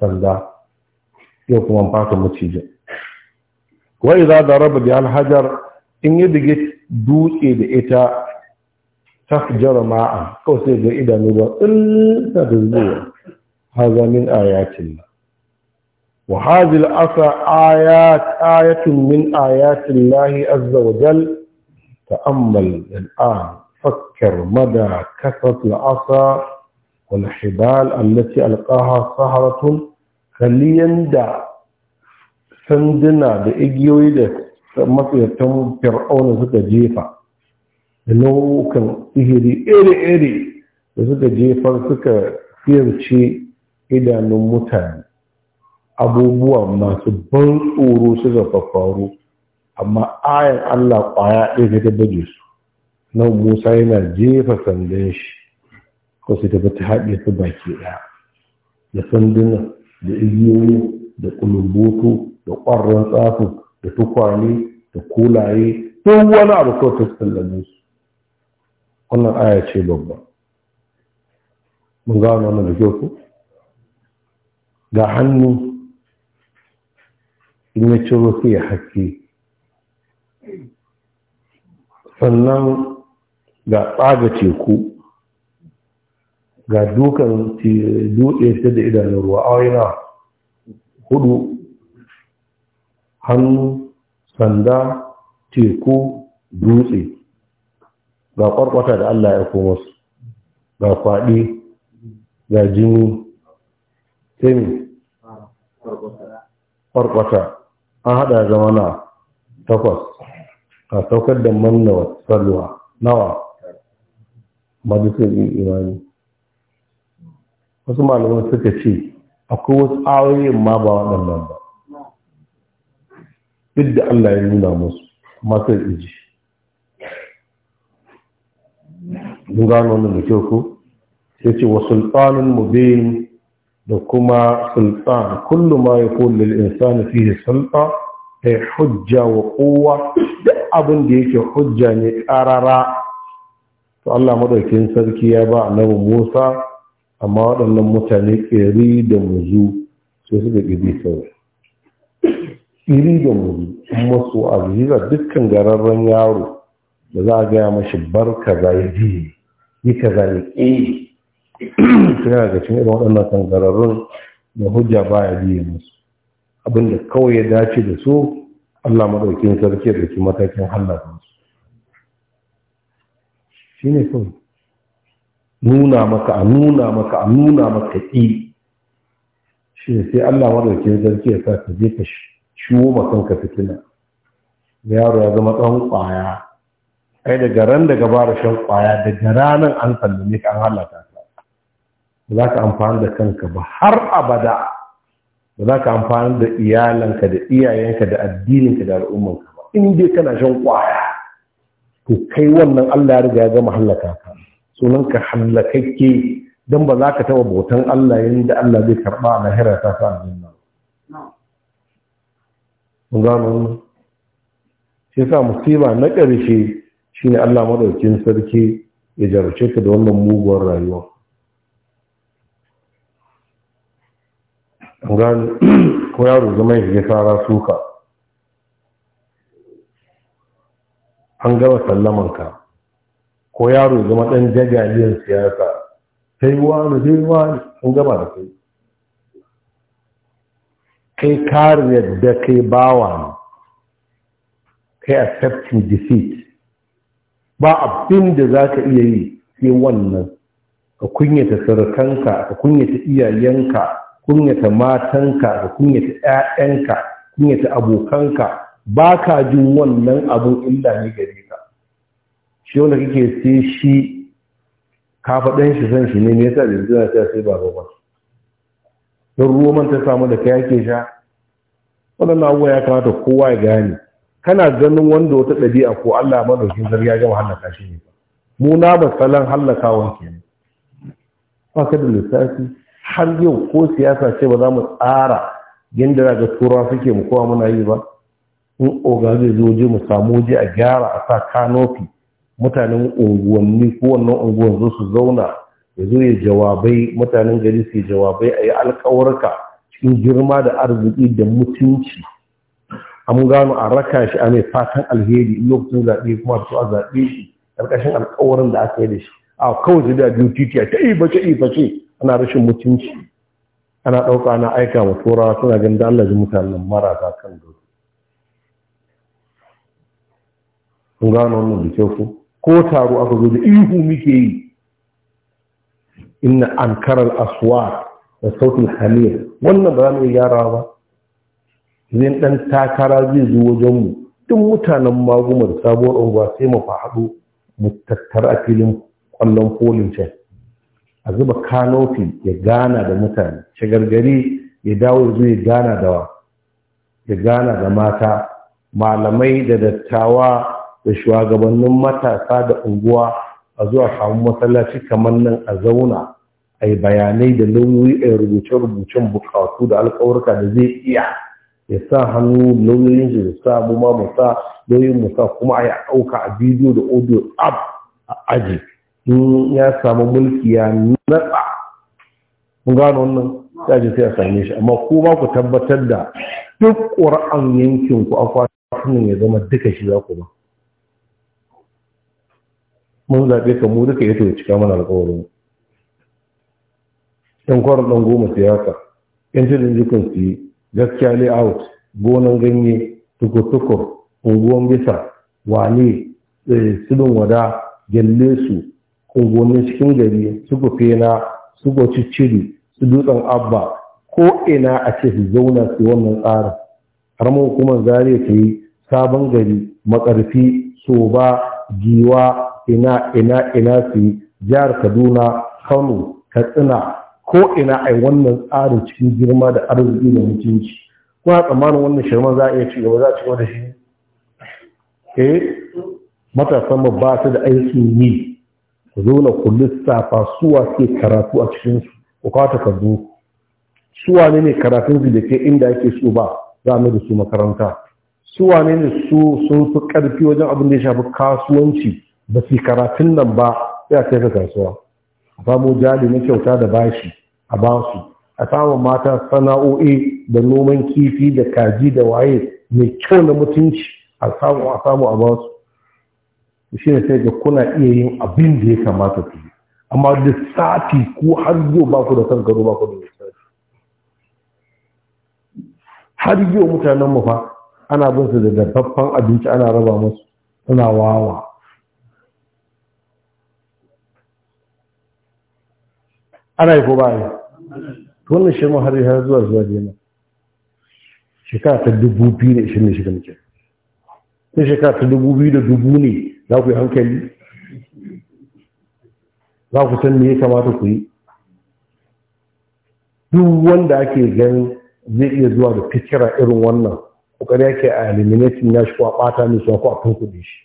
sanda yau kuma fata macija wa idza daraba da alhajar in ya dige dutse da ita ta fi jara ma'a kawai sai ga idanu ba in da zuwa hazamin ayatin وهذه الأثر آيات آية من آيات الله عز وجل تأمل الآن فكر مدى كثرة العصا والحبال التي ألقاها سهرة خليا دا سندنا بإجيوي دا مطيتم فرعون سكا جيفا لو كان إهري إيري إيري سكا جيفا سكا فيرشي إلى نمتان abubuwa masu ban tsoro su suka faru amma ayan Allah ƙwaya ɗaya ta baje su nan Musa yana jefa sandan shi ko su tafi ta haɗe su baki ɗaya da sanduna da igiyoyi da ƙulubutu, da ƙwarren tsafin da tukwane da kulaye duk wani abu kawai ta sallame su wannan aya ce babba mun gano wannan da kyau ko ga hannu in ya ciro su ya haske sannan ga tsaga teku ga dukan dutse ta da idanun ruwa yana hudu hannu sanda teku dutse ga kwarkwata da Allah ya koma su ga kwaɗi ga jini sai kwarkwata an haɗa zama na takwas a saukar da manna salwa nawa majalisar imani wasu malamai suka ce akwai wasu ayoyin ma ba waɗannan ba duk da Allah ya nuna musu masu iji mun gano wannan da kyau ko sai ce wa tsanin mubin da kuma sultan kullum ma yakun lil insani fihi sulta Ya hujja wa kowa duk abin da yake hujja ne karara to Allah madaukin sarki ya ba nama Musa amma waɗannan mutane ƙeri da muzu sai suka ƙiri sau ƙiri da muzu masu aziza dukkan gararren yaro da za a gaya mashi bar kaza ya ji yi kaza ya ƙi suna ga cin irin waɗannan tangararrun da hujja baya biye musu abinda kawai ya dace da su Allah maɗaukin sarki da ke matakin hallaka su shi ne kawai nuna maka a nuna maka a nuna maka ƙi shi ne sai Allah maɗaukin sarki ya sa ka je ka ciwo makanka fitina yaro ya zama ɗan ƙwaya ai daga ran daga bara shan ƙwaya daga ranar an sallame ka an hallaka ba za ka amfani da kanka ba har abada ba za ka amfani da iyalanka da iyayenka da addininka da al'ummanka ba in dai kana shan kwaya to kai wannan Allah ya riga ya gama hallaka ka sunan ka hallakakke don ba za ka taɓa bautan Allah yadda Allah zai karba a lahira ta sa aljanna mun ga shi sa musiba na ƙarshe shine Allah madaukin sarki ya jarrace ka da wannan muguwar rayuwa gani [CLEARS THROAT] ko yaro zama ya fara suka an gama sallamanka ko yaro zama ɗan jagaliyar siyasa sai wani sai wani an gama da kai kai karin yadda kai bawa kai accepting defeat ba abin da za ka iya yi sai wannan ka kunyata sarakanka, ka kunyata iyayenka kunyata matanka da kunyata ƴaƴanka kunyata abokanka ba ka jin wannan abun illa ne gare ka shi wanda kake sai shi ka shi san shi ne me yasa da zuwa ta sai ba ba don roman ta samu da kai yake sha wannan abubuwa ya kamata kowa ya gane kana ganin wanda wata ɗabi'a ko Allah madaukin zar ya gama hallaka shi ne mu na basalan salon wanke kenan ba ka da lissafi har yau ko siyasa ce ba za mu tsara yadda za ga suke mu kowa muna yi ba in oga zai zo je mu samu waje a gyara a sa kanofi mutanen unguwanni ko wannan unguwan zo su zauna ya zo ya jawabai mutanen gari su jawabai a yi alkawarka cikin girma da arziki da mutunci an gano a raka shi a mai fatan alheri lokacin zaɓe kuma su a zaɓe shi ƙarƙashin alkawarin da aka yi da shi a kawai da biyu titi a ta yi bace yi bace ana rashin mutunci ana ɗauka na aika wa turawa suna ganin da Allah ji mutanen marasa kan dole Sun gano wannan da kyau ko ko taro aka zo da ihu muke yi inna ankarar aswa da sautin hamiya wannan ba za mu yara ba zai ɗan takara zai zo wajen mu duk mutanen magumar sabuwar unguwa sai mu faɗo mu tattara a filin kwallon polin can a zuba kanofi ya gana da mutane shagargari ya dawo zuwa gana da ya gana da mata malamai da dattawa da shugabannin matasa da unguwa a zuwa samun masallaci kamar nan a zauna a yi bayanai da lauyoyi a rubuce-rubucen bukatu da alkawarka da zai iya ya sa hannu lauyoyin su sa mu ma mu sa lauyoyin mu sa kuma a yi ɗauka a bidiyo da audio app a aji in ya samu mulki ya natsa mun gano wannan ya ji sai a same shi amma ko ba ku tabbatar da duk ƙura'an yankin ku kwatunan ya zama duka shi za ku ba mun zaɓe ka mu duka ya cika mana alƙawarin ɗan kwarar ɗan goma siyasa yan cikin jikin su yi gaskiya layout gonan ganye tukur-tukur unguwan bisa wane eh, tudun wada gyalle su kogonin cikin gari su gufena su gwaciciri su dutsen abba ko ina a ce su zauna su wannan tsarin mu hukumar zariya ta yi sabon gari makarfi soba giwa ina ina ina su yi jihar kaduna kano katsina ko ina a wannan tsarin cikin girma da arziki da mutunci kuna tsammanin wannan shirman za a iya ci gaba za a ci gaba da shi eh matasan ba su da aiki ku zauna ku lissafa suwa ke karatu a cikinsu ku kawo takardu suwa ne ne su da ke inda yake so ba za mu da su makaranta Su ne ne su sun fi karfi wajen abin da ya shafi kasuwanci ba su karatun nan ba sai a kai ka kasuwa a samu jari na kyauta da bashi a basu a samu mata sana'o'i da noman kifi da kaji da waye mai kyau na mutunci a samu a ba su shi ne sai ga kuna iya yin abin da ya kamata ku yi amma sati ko har yau ba ku da kan gado ba ku da lissafi har yau mutanen mu fa ana bin su da dafaffen abinci ana raba musu suna wawa ana yi ko ba yi wannan mu har yau zuwa zuwa jena shekara ta dubu biyu da ishirin da shiga muke sai shekara ta dubu biyu da dubu ne za ku yi hankali za ku san me ya kamata ku yi duk wanda ake ganin zai iya zuwa da fikira irin wannan kokari yake a eliminating na shi ko a bata ne ko a tunkuɗe shi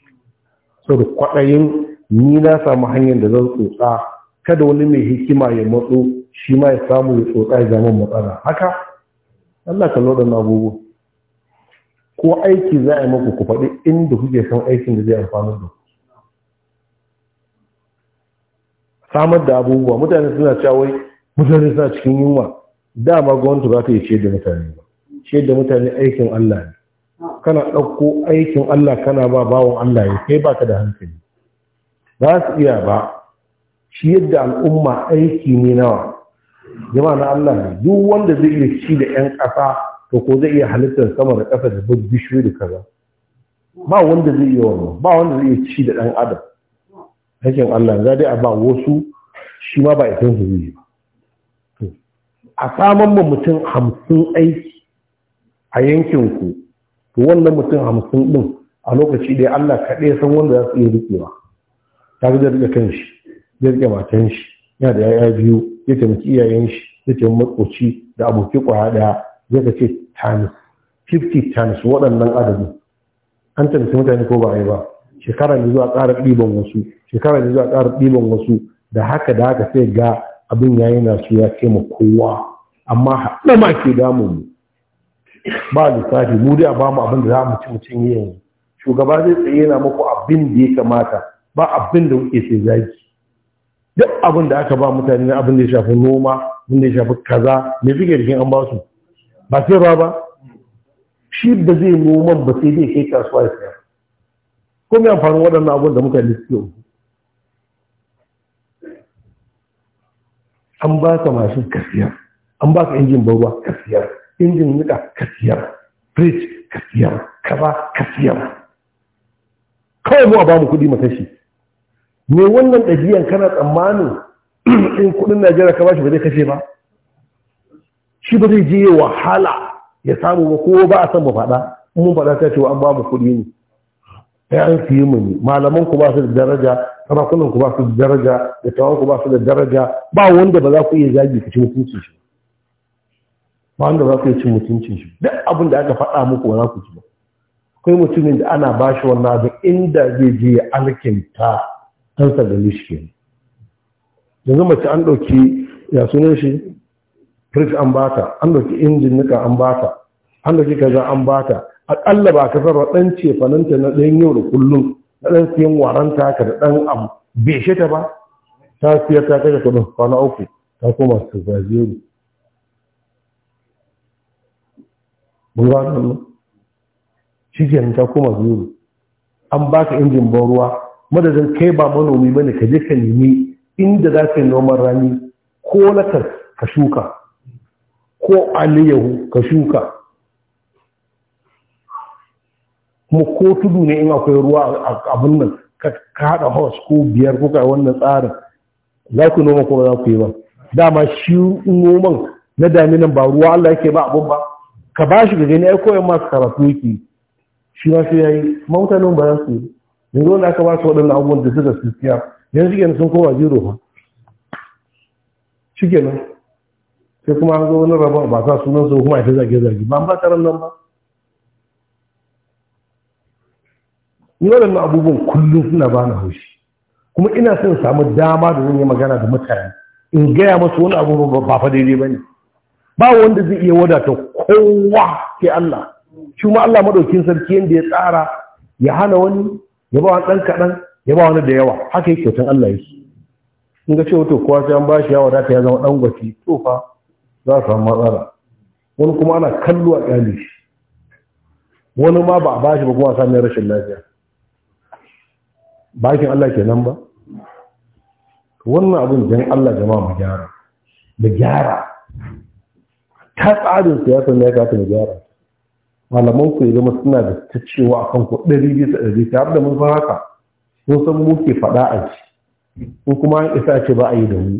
so da kwaɗayin ni na samu hanyar da zan tsotsa kada wani mai hikima ya matso shi ma ya samu ya tsotsa ya zama matsala haka Allah ka lodan abubuwa ko aiki za a yi muku ku faɗi inda kuke san aikin da zai amfani da ku samar da abubuwa mutane suna cawai mutane suna cikin yunwa dama gwamnati ba ta yi ce da mutane ba ciyar mutane aikin Allah ne kana ɗauko aikin Allah kana ba bawon Allah ya kai baka da hankali ba su iya ba shi yadda al'umma aiki ne nawa jama'a na Allah ne duk wanda zai iya ci da 'yan ƙasa to ko zai iya halittar sama da ƙasa da bishiyoyi da kaza ba wanda zai iya wannan ba wanda zai iya ci da ɗan adam hakin Allah za dai a ba wasu shi ma ba ita su zai ba a saman ma mutum hamsin aiki a yankin ku to wannan mutum hamsin ɗin a lokaci dai Allah kaɗai san wanda za su iya riƙewa ta ga da kan shi zai riƙe matan shi yana da yaya biyu ya taimaki iyayen shi ya taimaki makoci da abokin ƙwaya ɗaya zai ka ce times 50 times waɗannan adadi an tabbata mutane ko ba yi ba shekara ne zuwa ƙara ɗiban wasu shekara ne zuwa ƙara ɗiban wasu da haka da haka sai ga abin ya yi nasu ya ce ma kowa amma haɗa ma ke damun mu ba lissafi mu dai a ba mu abin da za mu ci mutum yanzu shugaba zai tsaye yana muku abin da ya kamata ba abin da kuke sai zaki duk abin da aka ba mutane na abin da ya shafi noma abin da ya shafi kaza me fike da an ba su ba sai ruwa ba shi da zai noman ba sai dai kai kasuwa ya sayar ko mai amfanin waɗannan abin da muka lissi yau an ba ka mashin kasiyar an ba ka injin barwa kasiyar injin nika kasiyar fridge kasiyar kaza kasiyar kawai mu a ba mu kuɗi matashi me wannan ɗabi'an kana tsammanin in kuɗin najeriya ka ba shi ba zai kashe ba shi ba zai je wahala ya samu ba ko ba a san ba faɗa mun faɗa ta cewa an ba mu kuɗi ne sai an fi mu ne malaman ku ba su da daraja sarakunan ku ba su da daraja da tawon ku ba su da daraja ba wanda ba za ku iya zagi ku ci mutuncin shi ba wanda za ku iya cin mutuncin shi duk abin da aka faɗa muku ba za ku ci ba akwai mutumin da ana ba shi wannan abin inda zai je ya alkinta kansa da lishke yanzu mace an ɗauki ya sunan shi fridge an bata an dauki injin nika an bata an dauki kaza an bata akalla ba ka sarwa dan cefananta na dan yau da kullum na dan siyan waranta ka da dan abu beshe ta ba ta siya ta kashe kudin kwana uku ta koma su zaje mun ga nan shi ke ta koma zuwa an baka injin ban ruwa madadin kai ba manomi bane ka je ka nemi inda za ka yi noman rani ko lakar ka shuka ko aliyahu ka shuka mu ko tudu ne in akwai ruwa a abin nan ka haɗa haus ko biyar ko kai wannan tsarin za ku noma ko za ku yi ba dama shi noman na daminan ba ruwa Allah yake ba abun ba ka ba shi gani ai koyan masu karatu yake shi ma sai yayi mautanin ba za su yi yanzu wanda aka ba su waɗannan abubuwan da suka siya yanzu kenan sun kowa jiro shi kenan sai kuma an zo wani rabon ba sa sunan su kuma ita zage-zage ba ba karan nan ba ni waɗannan abubuwan kullum suna ba na haushi kuma ina son samu dama da zan yi magana da mutane in gaya masu wani abu ba fa daidai ba ne ba wanda zai iya wadata kowa ke Allah shi Allah madaukin sarki yadda ya tsara ya hana wani ya ba wani ɗan kaɗan ya ba wani da yawa haka yake kyautan Allah yake in ga cewa to kowa sai an ba shi yawa da ya zama ɗan gwaci to fa za a samu matsala wani kuma ana kallo a kyale shi wani ma ba a bashi ba kuma sami rashin lafiya bakin Allah ke nan ba wannan abin jan Allah jama'a mu gyara da gyara ta tsarin siyasa ne ya kata mu gyara malaman ku ya zama suna da ta cewa a kanku ɗari bisa ɗari ta da mun fara haka sun san muke faɗa a ci ko kuma an isa ce ba a yi da mu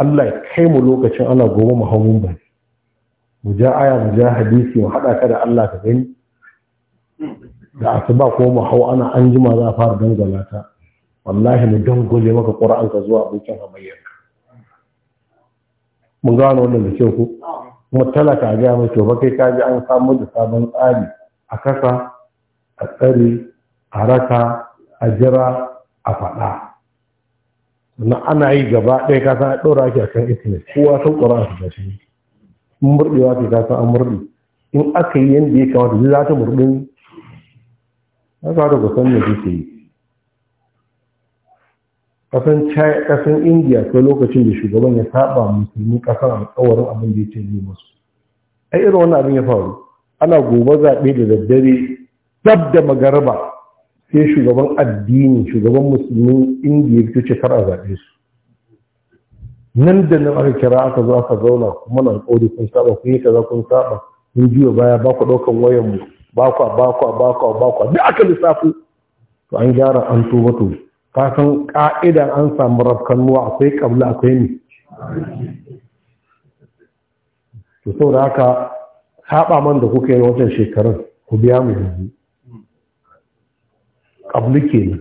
Allah ya kai mu lokacin ana goma mu hau ba mu ja aya mu ja hadisi mu haɗa ka da Allah ka gani da asuba ko mu hau ana anjima za a fara dangala ta wallahi mu dangole maka Qur'an ka zuwa abokin hamayyar mun gano wannan da ke ku kuma talaka ga mai to ba kai ji an samu da sabon tsari a kasa a tsari a raka a jira a faɗa na ana yi gaba ɗaya ka san ɗora ake kan internet kowa san ƙura a shi in murɗewa ke ka san an murɗe in aka yi yadda ya kamata zai za ta murɗe ne ya kamata ku san me kuke yi ƙasan chai ƙasan indiya ko lokacin da shugaban ya saba musulmi ƙasan alƙawarin abin da ya ce zai masu ai irin wannan abin ya faru ana gobe zaɓe da daddare dab da magaraba sai shugaban addini shugaban musulmi indiya fito ce kar a zaɓe su nan da nan aka kira aka zo aka zauna kuma na alƙawari kun saba kun yi kaza kun saba kun juya baya ba ku ɗaukan wayan mu ba ku ba ku ba ku ba ku duk aka lissafi to an gyara an tuba to ka san ka'idan an samu rafkan mu akwai kabla akwai ne to saboda haka saba man da kuka yi wancan shekarun ku biya mu yanzu ƙablu ke ne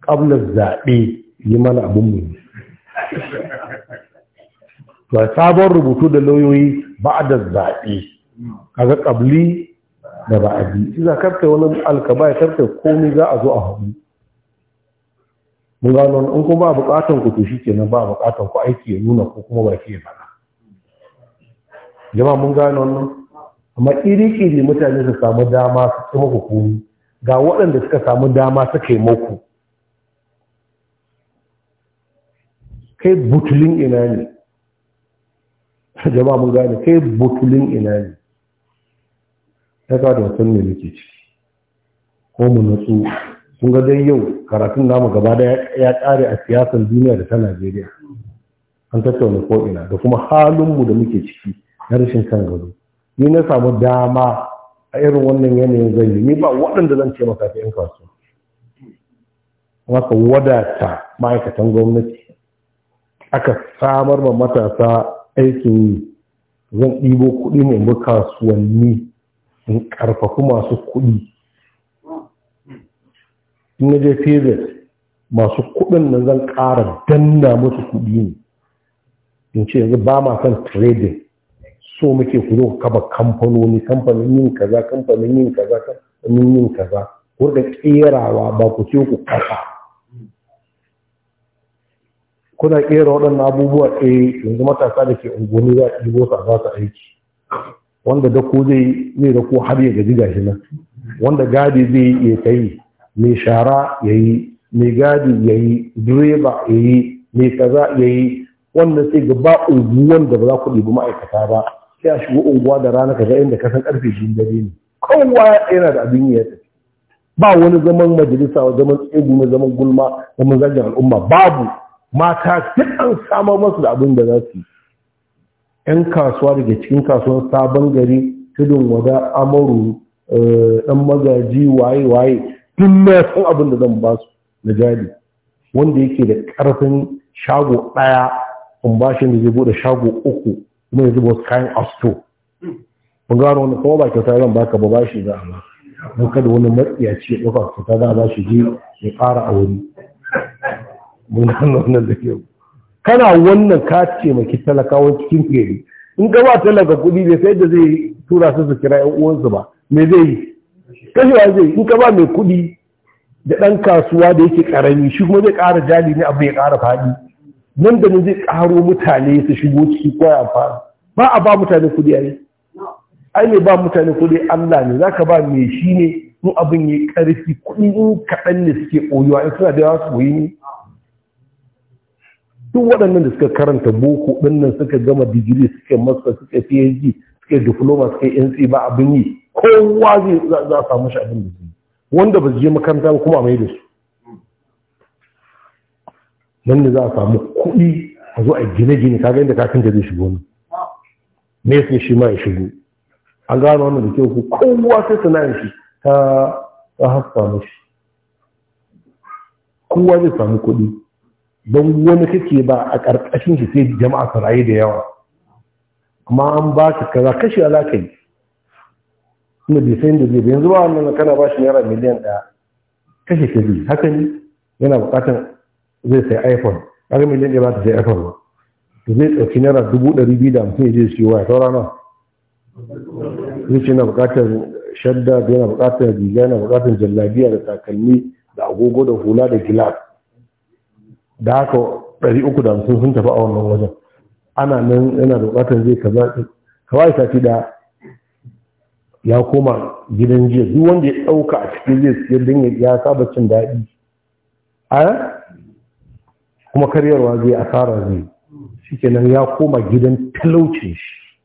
ƙablar zaɓe yi mana abin mu ne [LAUGHS] ba sabon rubutu da lauyoyi ba a da zaɓe kaga ƙabli da ba a bi shi za wani alkaba ya karfe komi za a zo a haɗu mun gano in kuma ba buƙatan ku to nan ba buƙatan ku aiki ya nuna ko kuma ba ke faɗa jama mun gano wannan amma ƙiri-ƙiri mutane su samu dama su kuma ku ga waɗanda suka samu dama suka yi maku kai butulin ina ne jama'a mun gane kai butulin ina ne ta kawo da wasan ne muke ciki, ko mu natsu sun ga dai yau karatun namu gaba da ya ƙare a siyasar duniya da ta najeriya an tattauna ko ina da kuma halinmu da muke ciki na rashin kan gado ni na samu dama a irin wannan yanayin zai yi ni ba waɗanda zan ce maka yan kasuwa aka wadata ma'aikatan gwamnati aka samar ma matasa aikin yi zan ɗibo kuɗi ne bi kasuwanni in ƙarfafi masu kuɗi in na je fezit masu kuɗin na zan ƙara danna musu kuɗi ne in ce yanzu ba ma son trading so muke ku zo kaba kamfanoni kamfanin yin kaza kamfanin yin kaza kamfanin yin kaza ku kerawa ba ku ce ku kasa kuna kera waɗannan abubuwa eh yanzu matasa da ke unguwanni za a ɗibo su a su aiki wanda da ko zai zai da ko har ya gaji gashi nan wanda gadi zai ya kai mai shara ya yi mai gadi ya yi direba ya yi mai kaza ya yi wannan sai gaba unguwan da ba za ku ɗibi ma'aikata ba sai a shigo unguwa da rana ka ga inda kasan san karfe shi dare ne kowa yana da abin ya tafi ba wani zaman majalisa wa zaman tsegu zaman gulma zaman zagin al'umma babu mata duk an samar masu da abin da za su yi yan kasuwa daga cikin kasuwar sabon gari tudun wada amaru eh, dan magaji waye waye duk na san abin da zan ba su na jari wanda yake da karfin shago ɗaya, in ba shi da zai bude shago uku kuma yanzu zuba wasu kayan asto mun gano wani kuma ba kyauta zan baka ba bashi za a ba mun kada wani matsiyaci ya ɗauka kyauta za a ba shi je ya ƙara a wuri mun gano wannan da kyau kana wannan ka taimaki talakawan cikin gari in ka ba talaka kuɗi bai sai da zai tura su su kira ƴan uwansu ba me zai yi kashewa zai in ka ba mai kuɗi da ɗan kasuwa da yake ƙarami shi kuma zai ƙara jali ne abu ya ƙara faɗi nan da nan zai karo mutane su shigo ciki ko ya fara ba a ba mutane kuɗi ai ai ne ba mutane kuɗi Allah ne zaka ba me shi ne mu abin yi karfi kuɗi in kaɗan ne suke koyuwa in suna da yawa su ɓoyi ne duk waɗannan da suka karanta boko ɗinnan suka gama digiri suka masa suka phd suka diploma suka nc ba abin yi kowa zai za a samu shi abin da wanda ba su je makaranta kuma a mai da su nan da za a samu kuɗi a zo a gine-gine kaga inda kafinta zai shigo nan me sai shi ma ya shigo an gano wannan da kyau kowa sai sana'ar shi ta ta haska mashi kowa zai samu kuɗi don wani kake ba a ƙarƙashin shi sai jama'a su rayu da yawa amma an ba ka kaza kashi alaƙa yi inda bai san da zai yanzu ba wannan kana ba shi naira miliyan ɗaya kashe ka zai haka ne yana buƙatar zai sai iphone har miliyan ɗaya ba ta sai iphone ba to zai ɗauki naira dubu ɗari biyu da hamsin ya je siyo waya saura na? zai na buƙatar shadda yana buƙatar riga yana buƙatar jallabiya da takalmi da agogo da hula da gilas da haka ɗari uku da hamsin sun tafi a wannan wajen ana nan yana da buƙatar zai kaza kawai sati da ya koma gidan jiya duk wanda ya ɗauka a cikin zai siyar don ya saba cin daɗi a kuma karyarwa zai asara zai shi kenan ya koma gidan talaucin shi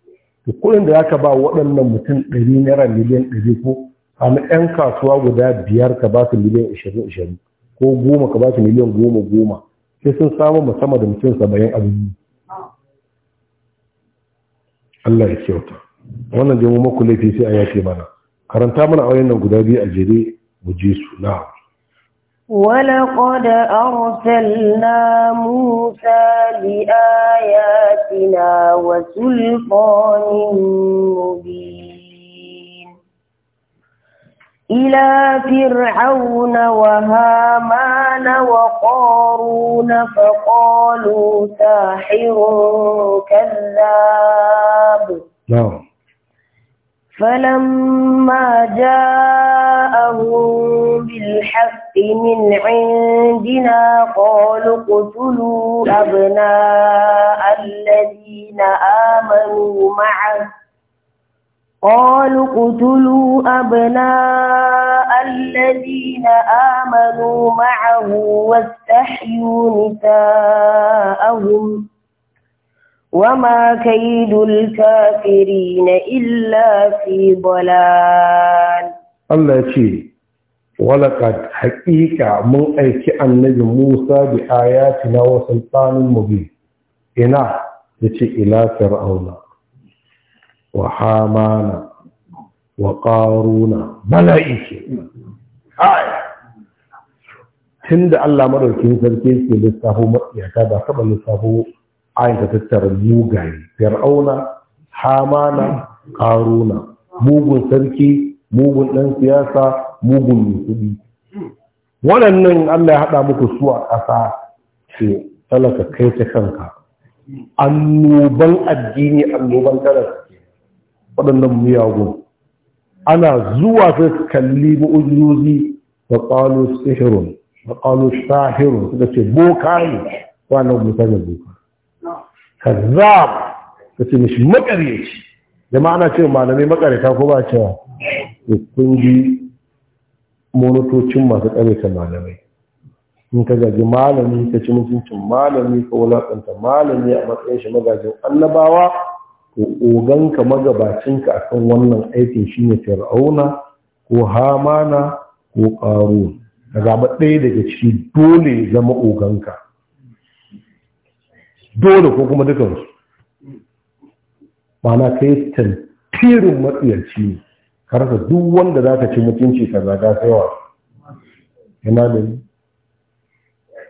da kuɗin da zaka ba waɗannan mutum ɗari naira miliyan ɗari ko sami yan kasuwa guda biyar ka ba su miliyan ashirin ashirin ko goma ka ba su miliyan goma goma sai sun samu musamman da mutum saba'in abubuwa Allah ya kyauta wannan jama'a maku laifi sai a yafe mana karanta mana a wayan nan guda biyu a jere mu je su na'am ولقد أرسلنا موسى بآياتنا وسلطان مبين إلى فرعون وهامان وقارون فقالوا ساحر كذاب نعم فلما جاءهم بالحق من عندنا قالوا اقتلوا أبناء الذين آمنوا معه قالوا اقتلوا أبناء الذين آمنوا معه واستحيوا نساءهم وما كيد الكافرين إلا في ضلال الله يقول ولقد حقيقة من أيك النبي موسى بآياتنا وسلطان مبين إنا يتي إلى فرعون وحامان وقارون ملائكة آية tun da Allah madaukin sarki ke lissafo matsiyaka ba taɓa lissafo ayin tattara mugaye fir'auna hamana karuna mugun sarki mugun ɗan siyasa mugun kuɗi waɗannan allah ya haɗa muku su a ƙasa ce talaka kai ta kanka annoban addini annoban talaka waɗannan miyagun ana zuwa sai kalli ma'ujiyoyi da ƙalo sihirun da ƙalo sahirun suka ce boka ne wannan mutanen boka kazzab ka ce mishi makaryaci jama'a ana cewa malamai makaryata ko ba cewa to kun ji monotocin masu ta malamai in ka gaji malami ka ci mutuncin malami ka wulaƙanta malami a matsayin shi magajin annabawa to oganka magabacinka akan wannan aikin shine fir'auna ko hamana ko ƙaru ka zaɓa ɗaya daga ciki dole zama oganka dole ko kuma dukansu mana yi tantirin matsiyarci ne rasa duk wanda za ka ci mutunci ka zaga saiwa yana da yi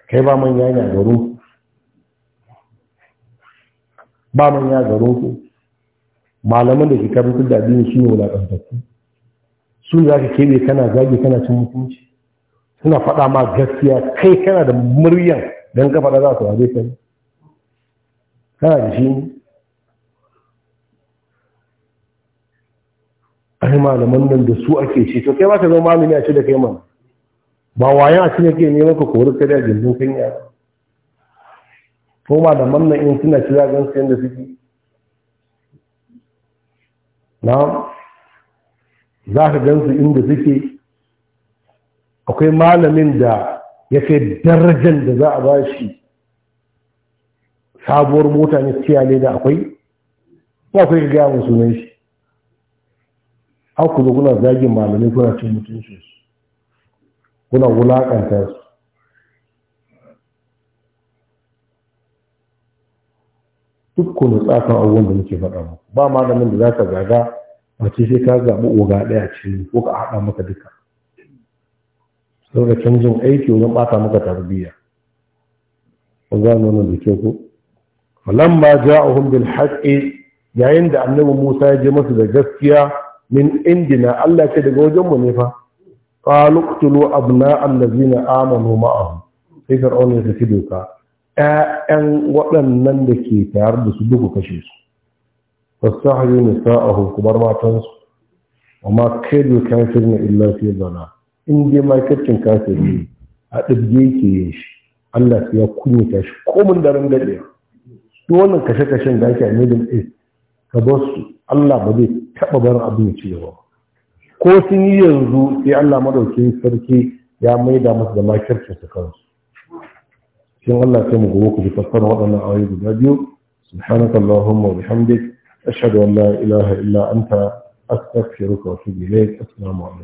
kai ba manya ne a garin ba manya a garin ku malaman da ke karantar da addini shi ne wulaƙantattu su za ka kebe kana zagi kana cin mutunci suna faɗa ma gaskiya kai kana da muryan don ka faɗa za su waje kai kana da shi ne ai malaman nan da su ake ci to kai ba ka zama malami a ci da kai mana ba wayan a cikin ke neman ka kori kada a gindin kanya ko malaman nan in suna ci zagan sayan da suke na za ka gan su inda suke akwai malamin da ya kai darajar da za a ba shi sabuwar mota ne siya leda akwai ba kai ga gaya musu ne shi haku zo kuna zagin malamai kuna cin mutunci su kuna wulakanta su duk kuna tsakan abubuwan da muke faɗa mu ba malamin da za ka zaga a ce sai ka zaɓi oga ɗaya ce ko ka haɗa maka duka sau da canjin aiki wajen ɓata maka tarbiyya ba za mu nuna da kyau ko falamma ja'ahum bil haqqi yayin da annabi Musa ya je masu da gaskiya min indina Allah ce daga wajen mu ne fa qalu qtulu abna allazina amanu ma'ahu sai fir'aun ya tafi doka Ya'yan waɗannan da ke tare da su duka kashe su fasahyu nisa'ahu kubar matan su amma kaidu kafirin illa fi dana in dai ma kafin kafiri a ke yake shi Allah ya kunyata shi komun daren gadewa duk wannan kashe-kashen da ake a middle east ka bar su allah ba zai taɓa bar abu ya ci ko sun yi yanzu sai allah maɗauki sarki ya maida masu da makircin su kansu shin allah sai mu gobe ku ji fassara waɗannan ayoyi guda biyu سبحانك اللهم وبحمدك أشهد أن ilaha إله Anta, أنت أستغفرك وأتوب إليك السلام عليكم